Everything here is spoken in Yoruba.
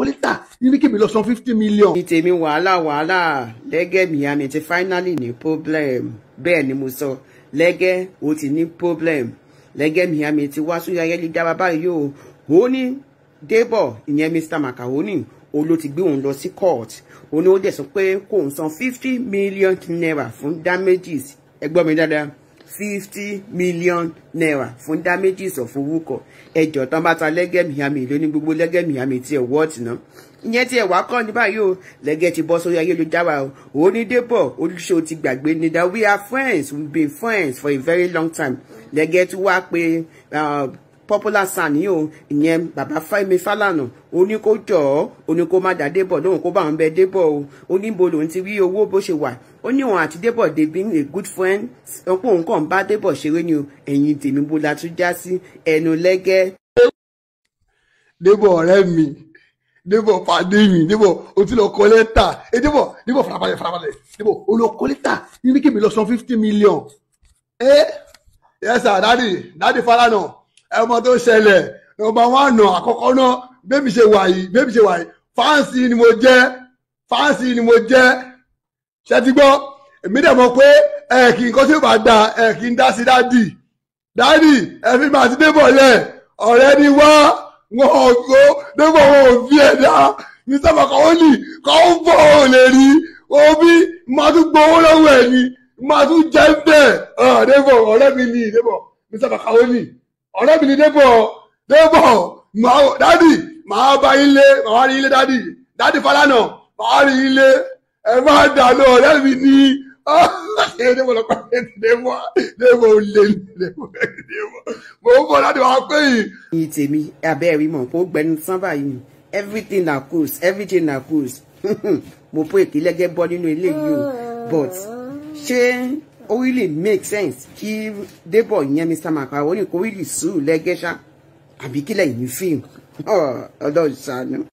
kọ́lẹ́tà ní kí mi lọ san fifty million. ní tèmi wàhálà wàhálà lẹ́gẹ́ miami ti finally ní problem bẹ́ẹ̀ ni mo sọ lẹ́gẹ́ ó ti ní problem lẹ́gẹ́ miami ti wá sún ayẹyẹ dábàá báyìí o ó ní débọ̀ ìyẹn mr macaroni ó ló ti gbé òun lọ sí court ó ní ó dẹ̀ sọ pé kóun san fifty million naira fún damages ẹ mi dáadáa fifty million naira fún damages of orúkọ ẹjọ tán bá ta lẹgẹ miami lóní gbogbo lẹgẹ miami tí ẹ wọ́ọ̀tì náà ìyẹn tí ẹ wá kọ́ ní báyìí o lẹ́gẹ́ ti bọ́ sórí ayélujára o onídébọ̀ olùṣe ti gbàgbé ni that we are friends we been friends for a very long time lẹ́gẹ́ tí wàá pe. Uh, popular san yìí o ìyẹn bàbá Fẹ́mi Fálànà oni ní kó jọ ọ ó ní kó má dá Débọ̀ lóhùn kó bá wọn bẹ o ó bo lòun ti rí owó bó ṣe wà ó ní òun àti Débọ̀ they being a good friend ọ̀pọ̀ òun kàn bá Débọ̀ ṣeré ni o ẹ̀yìn tèmi bó la tún já sí ẹnu lẹ́gẹ́. Débọ̀ ọ̀rẹ́ mi Débọ̀ pàdé mi debo o ti lọ kọ lẹ́tà ẹ Débọ̀ Débọ̀ farabalẹ̀ farabalẹ̀ Débọ̀ o lọ kọ lẹ́tà ní kí mi lọ san fifty million. ẹ yẹ sà dáàdì dáàdì Fálànà ẹ mọ tó ṣẹlẹ̀ nọ́mbà wán nà àkọ́kọ́ náà bébí ṣe wà yìí bébí ṣe wà yìí fáǹsì ni mo jẹ́ fáǹsì ni mo jẹ́ ṣe ti gbọ́ èmi dẹ̀ mọ̀ pé ẹ kì í kọ́ sí ìbá gba ẹ kì í dá sí dádì dádì ẹ fi màtí débọ̀ lẹ̀ ọ̀rẹ́ ni wá wọn ò tó débọ̀ wọn ò fi ẹ̀ dá ní sábà kan ó lì kan ó bọ̀ ò lè rí omi máa tún gbowó lọ́wọ́ ẹ̀ ni máa tún jẹ́ bẹ́ẹ̀ débọ̀ ọ̀rẹ́ mi ni débọ̀ ní sábà kan ó lì ọ̀rẹ́ mi ni débò débò dádì màá bá yín lé màá rí yín lé dádì dádì Falana màá rí yín lé ẹ má dànù ọ̀rẹ́ mi ni débò lọ́pàá débò débò lè débò débò mo ń bọ̀ láti wá pé yìí. iye tèmi abẹ́rẹ́ mọ̀ kó gbẹnu sán báyìí everything na cruise everything na cruise mo pé ìpínlẹ̀ gẹ́ bọ́ nínú ilé yìí o but ṣé ó really make sense kí Débọ̀ ìyẹn Mr. Makawo ní kó really sùn lẹ́gẹ́ṣá àbí kílẹ̀ yìí fíìmù ọ̀ọ́dọ̀ ìṣàánú.